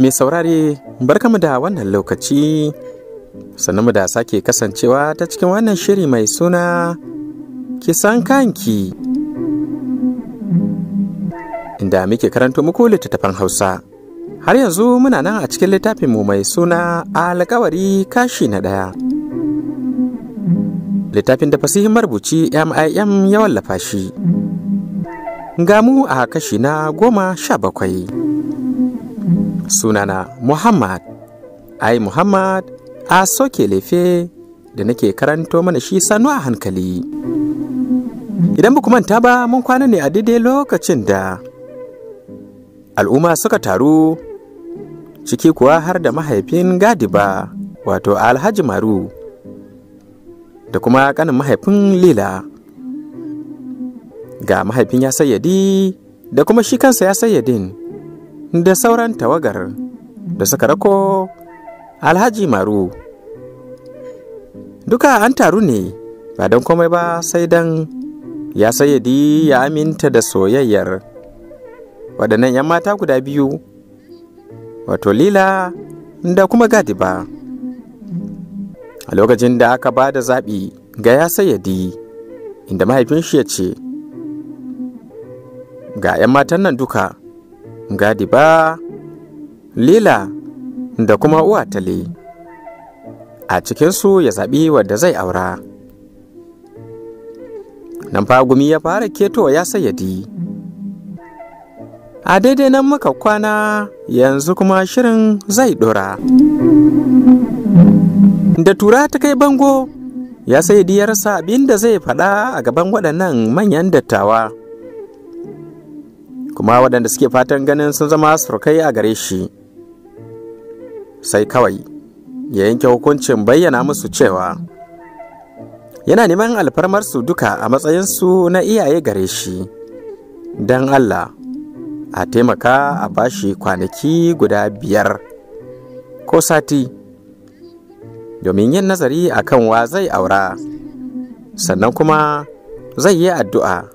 Mai saurare barkamu da wannan lokaci sannan da sake kasancewa ta cikin wannan shiri mai suna kisan kanki inda muke karanto muku littattafan hausa har yanzu muna nan a cikin littafinmu mai suna alkawari kashi na ɗaya littafin da fasihin marubuci mim ya wallafa shi ga mu a kashi na goma sha bakwai sunana muhammad ai muhammad a soke lefe da nake karanto mana shi sannu a hankali idan ba manta ba mun kwana ne a daidai lokacin da al'umma suka taru ciki kuwa har da mahaifin gadiba wato alhaji maru da kuma kanin mahaifin lila ga mahaifin ya sayyadi da kuma shi kansa ya sayyadin da sauran tawagar da suka rako alhaji maru duka an taru ne ba don komai ba sai don ya sayyadi ya aminta da soyayyar waɗannan 'yan mata guda biyu wato lila da kuma ba. a lokacin da aka ba da zaɓi ga ya sayyadi inda mahaifin shi ya ce ga 'yan matan nan duka gadi ba lila da kuma uwa uwatale a cikinsu ya zaɓi wadda zai aura nan fagumi ya fara keto ya sayyadi a daidai nan muka kwana yanzu kuma shirin zai ɗora da tura ta kai bango ya sayyadi ya rasa abin da zai faɗa a gaban waɗannan manyan dattawa kuma waɗanda suke fatan ganin sun zama surukai a gare shi sai kawai ya yanke hukuncin bayyana musu cewa yana neman alfarmarsu duka a matsayinsu na iyaye gare shi don allah a taimaka a bashi kwanaki guda biyar ko sati domin yin nazari a kan wa zai aura sannan kuma zai yi addu'a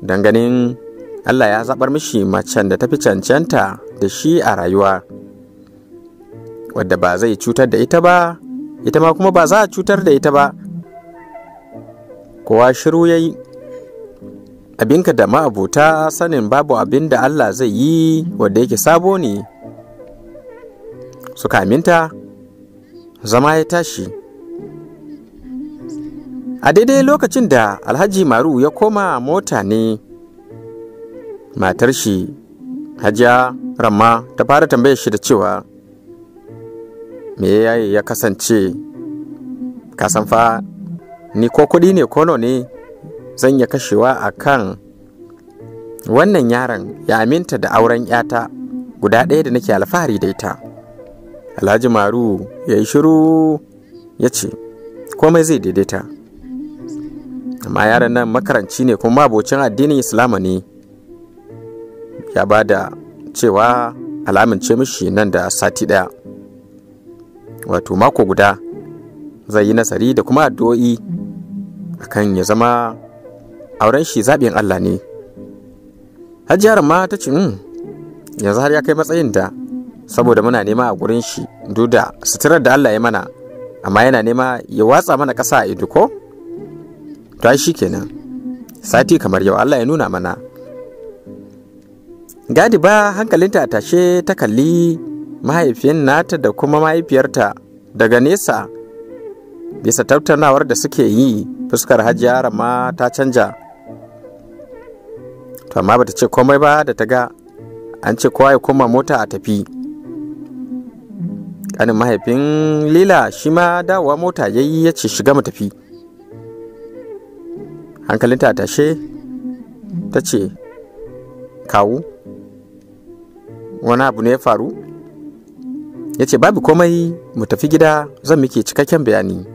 don ganin Allah ya zaɓar mishi macen da tafi cancanta da shi a rayuwa wadda ba zai cutar da ita ba ita ma kuma ba za a cutar da ita ba kowa shiru ya yi abinka da ma'abuta sanin babu abin da Allah zai yi wadda yake sabo ne suka kaminta zama ya tashi a daidai lokacin da alhaji maru ya koma mota ne matar shi hajiya ramma ta fara tambayar shi da cewa me yayi ya kasance kasan fa ni ko kuɗi ne kono ne zan iya kashewa a kan wannan yaron ya aminta da auren yata guda ɗaya da nake alfahari da ita alhaji maru ya yi shiru ya ce komai zai daidaita amma yaron nan makaranci ne kuma abocin addinin islamu ne ya ba da cewa alamince mishi nan da sati ɗaya wato mako guda zai yi nasari da kuma addu'o'i akan ya zama auren shi zaɓin Allah ne hajjiyar ma ta ce hmm, yanzu har ya kai matsayin da saboda muna nema a gurin shi duda suturar da Allah ya mana amma yana nema ya watsa mana ƙasa a iduko? ko to shi kenan sati kamar yau Allah ya nuna mana gadi ba hankalinta a tashe ta kalli mahaifiyar nata da kuma mahaifiyarta daga nesa bisa tattaunawar da suke yi fuskar hajiya rama ta canja to amma bata ce komai ba da ta ga an ce kowa ya koma mota a tafi kanin mahaifin lila shi ma dawowa mota ya yi ya ce shiga matafi. hankalinta a tashe ta ce kawu wani abu ne ya faru ya ce babu komai mu tafi gida zan muke cikakken bayani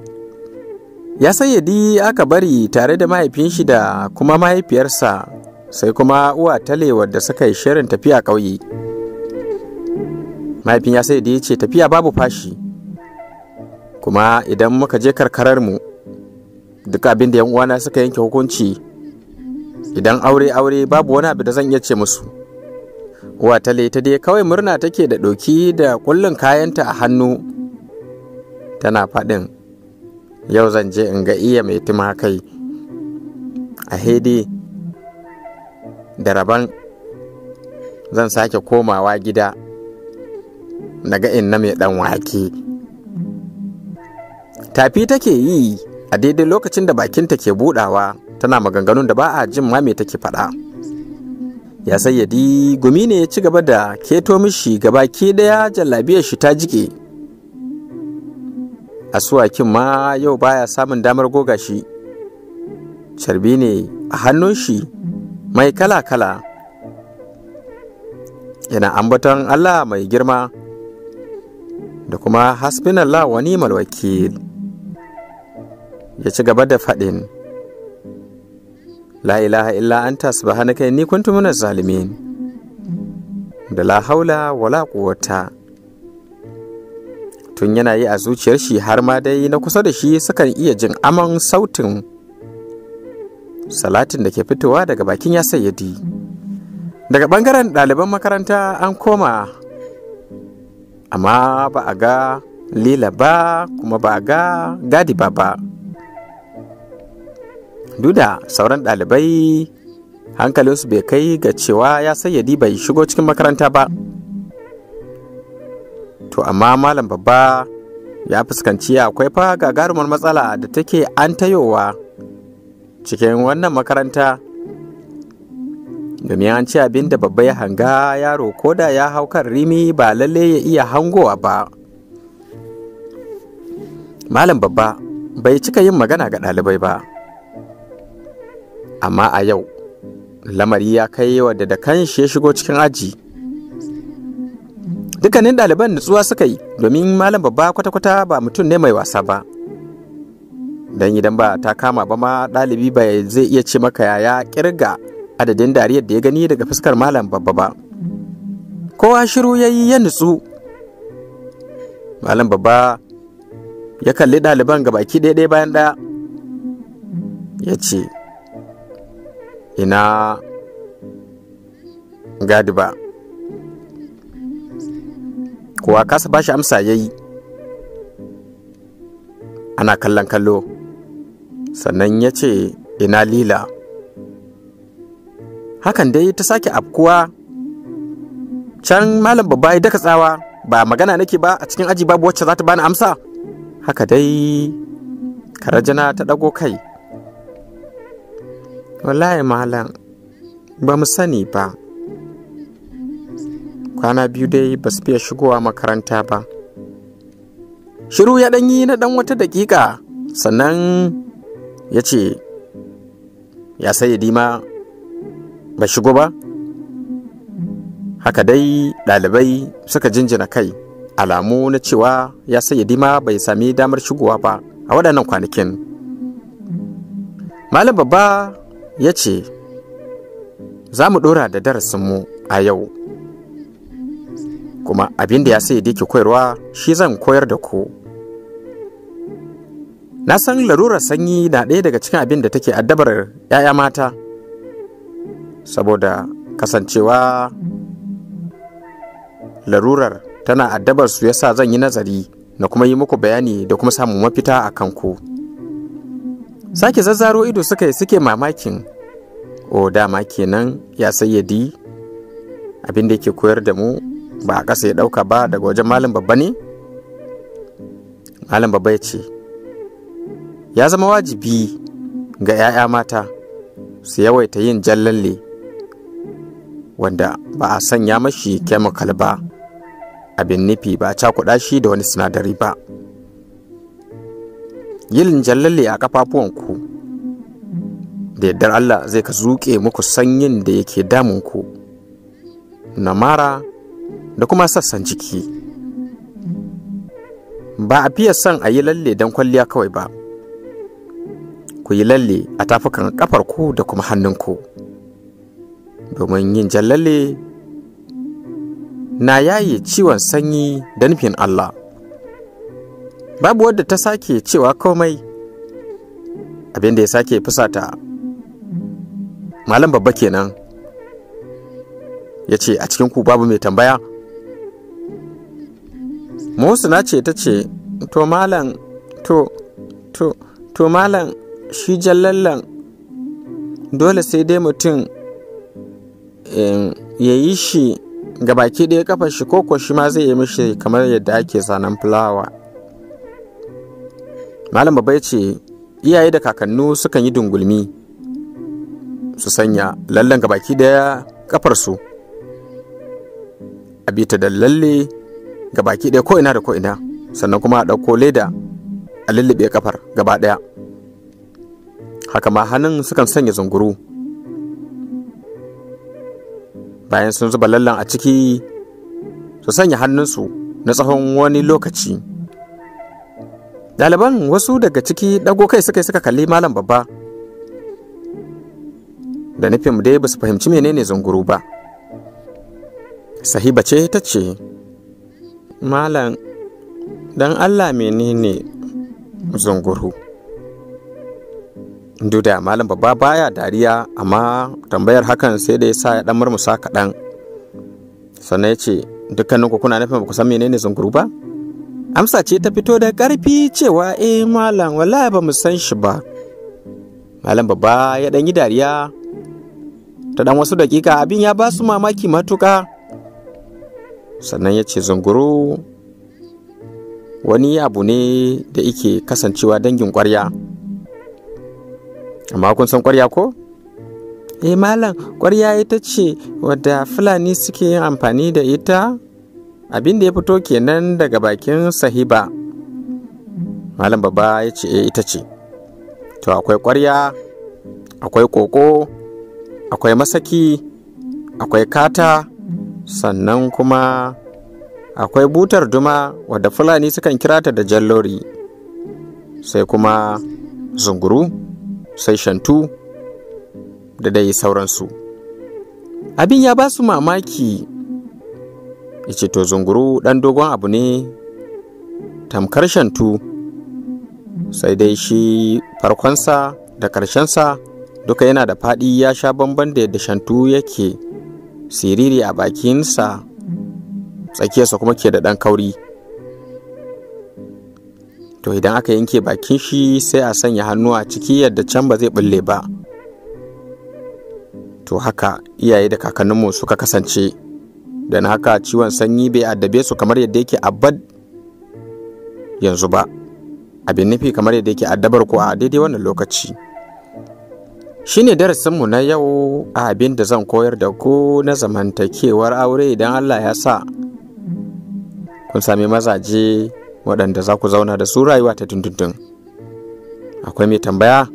ya sayyadi aka bari tare da mahaifin shi da kuma mahaifiyarsa sai kuma uwa tale wadda suka yi shirin tafiya ƙauye mahaifin ya sayyadi ya ce tafiya babu fashi kuma idan muka je karkarar mu duk abin da uwana suka yanke hukunci idan aure aure babu wani abu da zan iya ce musu Wata ta dai kawai murna take da ɗoki da kullun kayanta a hannu tana faɗin yau zan je in ga iya mai kai a hede da rabon zan sake komawa gida na ga inna mai ɗan wake tafi take yi a daidai lokacin da bakinta ke budawa tana maganganun da ba a jin ma me take faɗa. ya sayyadi gumi ne ya ci gaba da keto mishi ke daya jallabiya shi ta jike asuwakin ma yau baya samun damar goga shi carbi ne a hannun shi mai kala-kala yana ambaton allah mai girma da kuma hasbinallah wani malwakil ya ci gaba da faɗin la ilaha illa anta subhanaka inni kuntu minaz zalimin da la haula wala quwwata tun yana yi a zuciyar shi har ma dai na kusa da shi sukan iya jin aman sautin salatin da ke fitowa daga bakin ya sayyadi daga bangaren ɗaliban makaranta an koma amma ba a ga lila ba kuma ba a ga gadi ba ba duk da sauran ɗalibai hankalinsu bai kai ga cewa ya sayyadi bai shigo cikin makaranta ba to amma malam babba ya fuskanci akwai fa gagarumar matsala da take an tayowa cikin wannan makaranta domin an ce abin da babba ya hanga yaro ko da ya hau kan rimi ba lalle ya iya hangowa ba malam babba bai cika yin magana ga ɗalibai ba amma a yau lamari ya kai wa da shi ya shigo cikin aji dukkanin ɗaliban nutsuwa suka yi domin malam babba kwata-kwata ba mutum ne mai wasa ba don idan ba ta kama ba ma ɗalibi ba zai iya ce maka yaya kirga adadin dariyar da ya gani daga fuskar malam babba ba kowa shiru ya yi ya nutsu malam babba ya kalli ɗaliban ga baki ɗaya bayan ɗaya ya ce ina gadi ba kowa kasa ba shi amsa yayi. ana kallon kallo sannan ya ce ina lila hakan dai ta sake afkuwa can malam babba ya daka tsawa ba magana nake ba a cikin aji babu wacce za ta bani amsa haka dai karajana ta ɗago kai wallahi malam ba mu sani ba kwana biyu dai ba su fiye shigowa makaranta ba shiru ya ɗanyi na ɗan wata daƙiƙa sannan ya ce ya sai dima ba shigo ba haka dai ɗalibai suka jinjina kai alamu na cewa ya sai dima bai sami damar shigowa ba a waɗannan kwanakin malam babba ya ce za mu ɗora da darasinmu a yau kuma abin da ya sai da ke koyarwa shi zan koyar da ku na san larurar sanyi na ɗaya daga cikin abin da take addabar 'ya'ya mata saboda kasancewa larurar tana addabar su yasa zan yi nazari na kuma yi muku bayani da kuma samun mafita a kanku. ku sake zazzaro ido suka yi suke mamakin o dama kenan ya sayyadi abin da yake koyar da mu ba a ƙasa ya ɗauka ba daga wajen malam babba ne malam babba ya ce ya zama wajibi ga 'ya'ya mata su yawaita yin jallalle wanda ba a sanya mashi kemikal ba abin nufi ba a cakuɗa shi da wani sinadari ba Yin linjan lalle a ku da yardar Allah zai ka zuƙe muku sanyin da yake damunku na mara da kuma sassan jiki ba a fiye son a yi lalle don kwalliya kawai ba ku yi lalle a tafukan ku da kuma hannunku domin yin jan na yaye ciwon sanyi da nufin Allah babu wadda ta sake cewa komai abin da ya sake fusata malam babba kenan ya ce a cikin ku babu mai tambaya na ce ta ce to malam to to to malam shi jallallan dole sai dai mutum ya yi shi ga baki ɗaya kafa shi koko shi ma zai yi mishi kamar yadda ake zanen fulawa malam babba ya ce iyaye da kakannu sukan yi dungulmi su sanya lallan baki daya kafarsu a bita da lalle baki daya ko'ina da ko'ina sannan kuma a ɗauko leda a lullube kafar gaba daya haka ma hannun sukan sanya zunguru bayan sun zuba lallan a ciki su sanya hannunsu na tsawon wani lokaci ɗaliban wasu daga ciki ɗago kai suka yi suka kalli malam babba da nufin dai ba su fahimci menene zunguru ba sahiba ce ta ce malam don allah menene zunguru duda malam babba baya dariya amma tambayar hakan sai da ya sa ya dan murmusa kaɗan sannan ya ce dukkaninku kuna nufin ba ku san menene zunguru ba amsa ce ta fito da ƙarfi cewa e malam wallahi ba mu san shi ba malam babba ya ɗan yi dariya ta ɗan wasu dakika abin ya ba su mamaki matuƙa sannan ya ce zunguru wani abu ne da ke kasancewa dangin ƙwarya amma kun san ƙwarya ko eh malam ƙwarya ita ce wadda fulani suke yin amfani da ita abin da ya fito kenan daga bakin sahiba malam baba ya ce eh, ita ce to akwai ƙwarya akwai koko akwai masaki akwai kata sannan kuma akwai butar duma wadda fulani sukan kira ta da jallori sai kuma zunguru sai shantu da dai sauransu abin ya ba su mamaki ya ce to zunguru ɗan dogon abu ne tamkar shantu sai dai shi farkonsa da ƙarshensa duka yana da faɗi ya sha bamban da yadda shantu yake siriri a bakinsa tsakiyarsa kuma ke da ɗan kauri to idan aka yanke bakin shi sai a sanya hannu a ciki yadda can ba zai bulle ba to haka iyaye da kakanninmu suka kasance don haka ciwon sanyi bai addabe su kamar yadda yake abad yanzu ba abin nufi kamar yadda yake addabar ku a daidai wannan lokaci shine darasinmu na yau a abin da zan koyar da ku na zamantakewar aure idan allah ya sa kun sami mazaje waɗanda za ku zauna da su rayuwa ta tuntuntun. akwai mai tambaya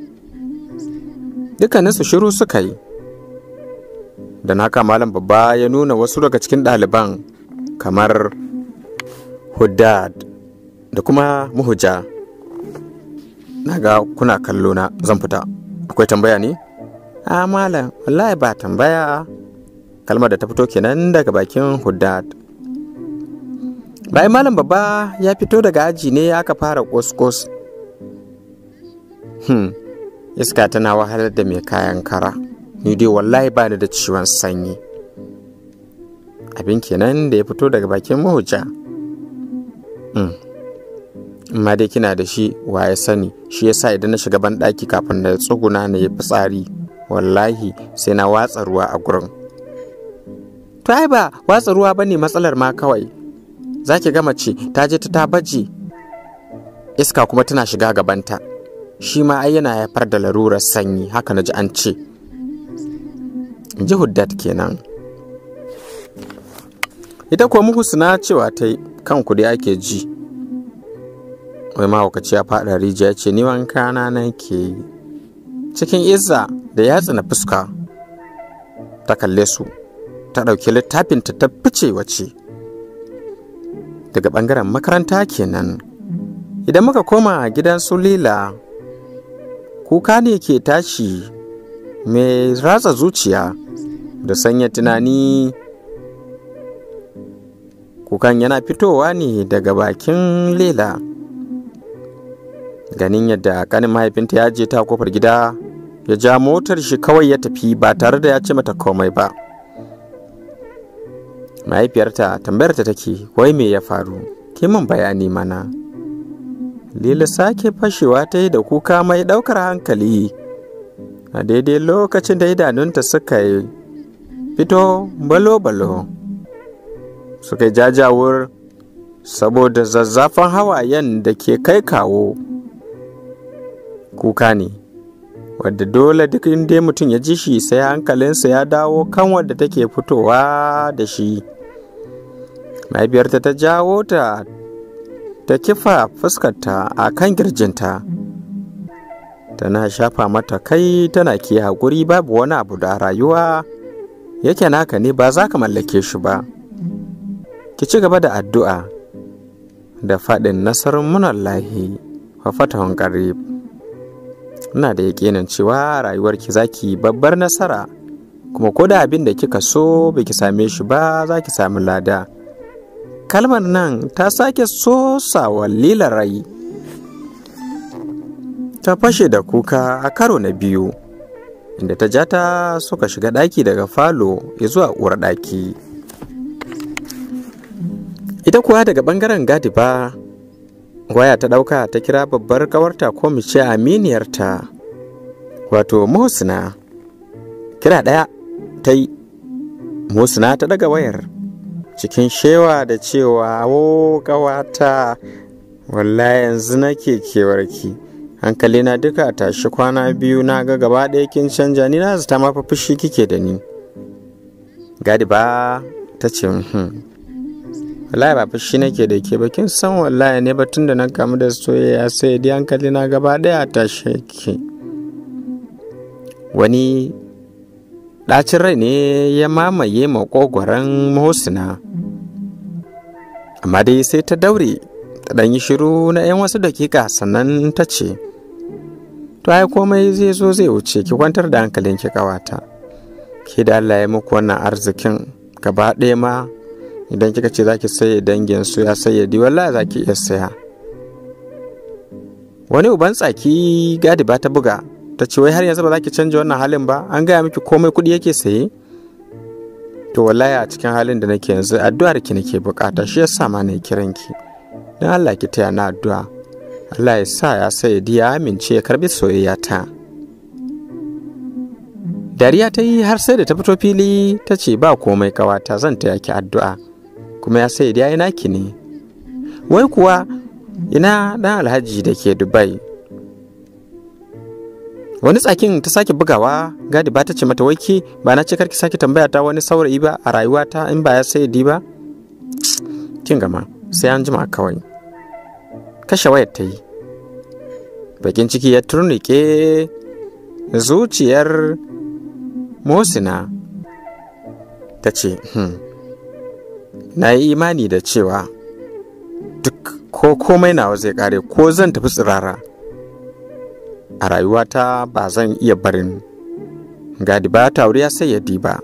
dukkaninsu shiru suka yi da naka malam babba ya nuna wasu daga cikin ɗaliban kamar hudad da kuma muhuja na ga kuna kallo na zan fita akwai tambaya ne a malam wallahi ba tambaya kalmar da ta fito kenan daga bakin hudad bayan malam babba ya fito daga aji ne aka fara kos-kos hmm. iska tana wahalar da mai kayan kara ni dai wallahi ba ni da ciwon sanyi abin kenan da ya fito daga bakin mahuja mm. amma dai kina da shi wa ya sani shi ya sa idan na shiga banɗaki kafin na tsuguna na ya fitsari wallahi sai na watsa ruwa a gurin to ai ba watsa ruwa ba ne matsalar ma kawai za ki gama ce ta je ta tabaji iska kuma tana shiga gabanta shi ma ai yana haifar da larurar sanyi haka na ji an ce in ji huddat kenan ita kuwa suna cewa ta kan kudi ake ji wai mahaukaci ya faɗa rijiya ce ni wanka na ke. cikin izza da ya na fuska ta kalle su ta ɗauki littafinta ta fice wace daga ɓangaren makaranta kenan idan muka koma gidan su kuka ne ke tashi mai ratsa zuciya da sanya tunani kukan yana fitowa ne daga bakin lela ganin yadda kanin mahaifinta ya je ta kofar gida ya ja motar shi kawai ya tafi ba tare da ya ce mata komai ba mahaifiyarta tambayarta take wai me ya faru kiman bayani mana lila sake fashewa ta yi da kuka mai ɗaukar hankali a daidai lokacin da idanunta suka yi fito balo-balo suka jajawur saboda zazzafan hawayen da ke kai kawo kuka ne wadda dole duk inda mutum ya ji shi sai hankalinsa ya dawo kan wadda take fitowa da shi mahaifiyarta ta jawo ta ta kifa fuskarta a kan girjinta tana shafa mata kai tana ke haƙuri babu wani abu da rayuwa yake naka ne ba za ka mallake shi ba ki ci gaba da addu'a da faɗin nasarar munar lahi wa fatahun ƙarib ina da yaƙinin cewa rayuwarki za ki babbar nasara kuma ko da abin da kika so ba same shi ba za ki sami lada kalmar nan ta sake sosawa lilar rai ta fashe da kuka a karo na biyu inda ta ja ta suka shiga ɗaki daga falo ya zuwa uwar ɗaki ita kuwa daga ɓangaren gadi ba waya ta ɗauka ta kira babbar kawarta ko mu ce aminiyarta wato mohsina kira ɗaya ta yi mohsina ta daga wayar cikin shewa da cewa o kawata wallahi yanzu nake kewarki hankali na duka a tashi kwana biyu na ga gaba ɗaya kin canja ni na zata ma fushi kike da ni gadi ba ta ce wallahi ba fushi nake da ke ba kin san wallahi ne batun da na kamu da soyayya sai dai hankali na gaba ɗaya a tashi yake wani ɗacin rai ne ya mamaye makogwaron mahosina amma dai sai ta daure ɗan yi shiru na 'yan wasu dakika sannan ta ce to ai komai zai zo zai wuce ki kwantar da hankalin ki kawata ki da Allah ya muku wannan arzikin gaba ɗaya ma idan kika ce zaki saye dangin su ya saye di wallahi zaki iya saya wani uban tsaki gadi ba ta buga ta ce wai har yanzu ba za ki canja wannan halin ba an gaya miki komai kuɗi yake saye to wallahi a cikin halin da nake yanzu addu'ar ki nake bukata shi yasa ma na yi kiran ki don Allah ki taya na addu'a Allah ya sa ya sai ya amince ya karbi soyayya ta dariya ta yi har sai da ta fito fili ta ce ba komai kawata zan taya ki addu'a kuma ya sai ya naki ne wai kuwa ina dan alhaji da ke dubai wani tsakin ta sake bugawa gadi ba ta ce mata waiki ba na ce karki sake tambaya ta wani saurayi ba a rayuwata in ba ya sai di ba kin gama sai an jima kawai kashe wayar ta yi bakin ciki ya turnike zuciyar mosina ta ce hmm, na yi imani da cewa duk ko komai nawa zai kare ko zan tafi tsirara a rayuwata ba zan iya barin gadi ba ta wuri ya ba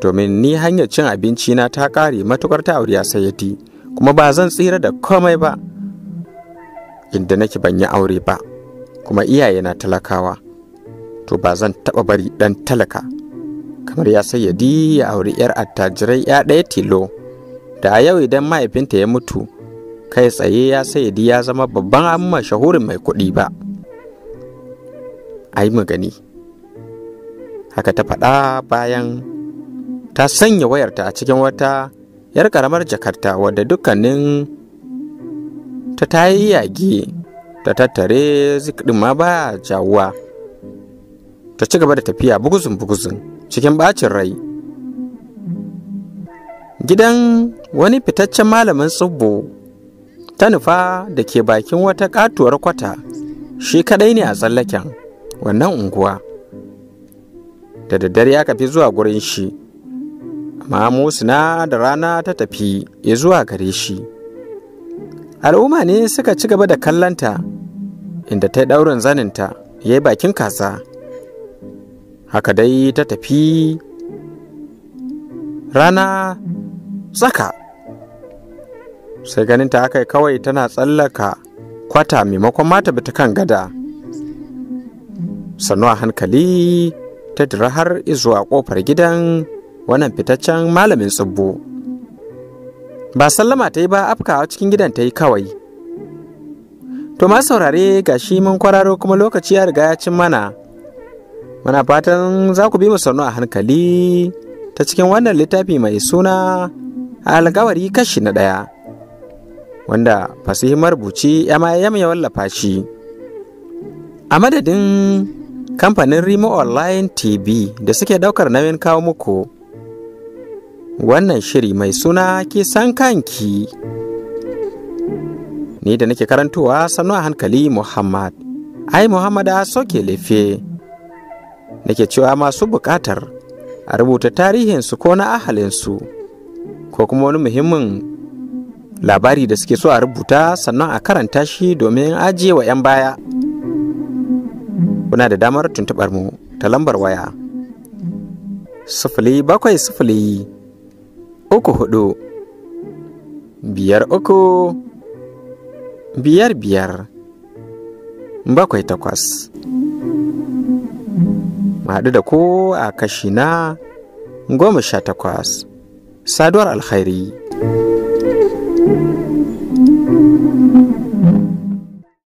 domin ni hanyar cin abinci na ta ƙare matukar ta auri ya sayyadi kuma ba zan tsira da komai ba inda nake ban yi aure ba kuma iyaye na talakawa to ba zan taɓa bari ɗan talaka kamar ya sayyadi ya auri 'yar attajirai ya ɗaya tilo da a yau idan mahaifinta ya mutu kai tsaye ya sayyadi ya zama babban amma shahurin mai kuɗi ba a yi gani haka ta faɗa bayan ta sanya wayarta a cikin wata yar karamar jakarta wadda dukkanin ta ta yi yage ta tattare zikɗin ma ba jawuwa ta ci gaba da tafiya buguzun buguzun cikin bacin rai gidan wani fitaccen malamin tsibbo ta nufa da ke bakin wata katuwar kwata shi kadai ne a tsallaken wannan unguwa da daddare aka fi zuwa gurin shi suna da rana ta tafi ya zuwa gare shi al'umma ne suka ci gaba da kallanta inda ta yi ɗaurin zaninta ya yi bakin kasa haka dai ta tafi rana tsaka sai ganin ta haka kawai tana tsallaka kwata maimakon mata bita kan gada sannu a hankali ta dira har izuwa kofar gidan wannan fitaccen malamin tsibbo ba sallama ta yi ba afkawa cikin gidan ta yi kawai to ma saurare ga shi mun kwararo kuma lokaci ya riga ya cin mana muna fatan za ku bi mu sannu a hankali ta cikin wannan littafi mai suna alkawari kashi na ɗaya wanda fasihin marubuci yama ya wallafa shi a madadin kamfanin rimo online tv da suke daukar nauyin kawo muku wannan shiri mai suna kisan kanki ni da nake karantowa sannu a hankali muhammad ai muhammad a soke lefe nake cewa masu bukatar a rubuta tarihinsu ko na ahalinsu ko kuma wani muhimmin labari da suke so a rubuta sannan a karanta shi domin ajiye wa 'yan baya kuna da damar tuntubar mu ta lambar waya sifili bakwai sifili uku hudu biyar uku biyar biyar bakwai takwas haɗu da ko a kashi na goma sha takwas saduwar alkhairi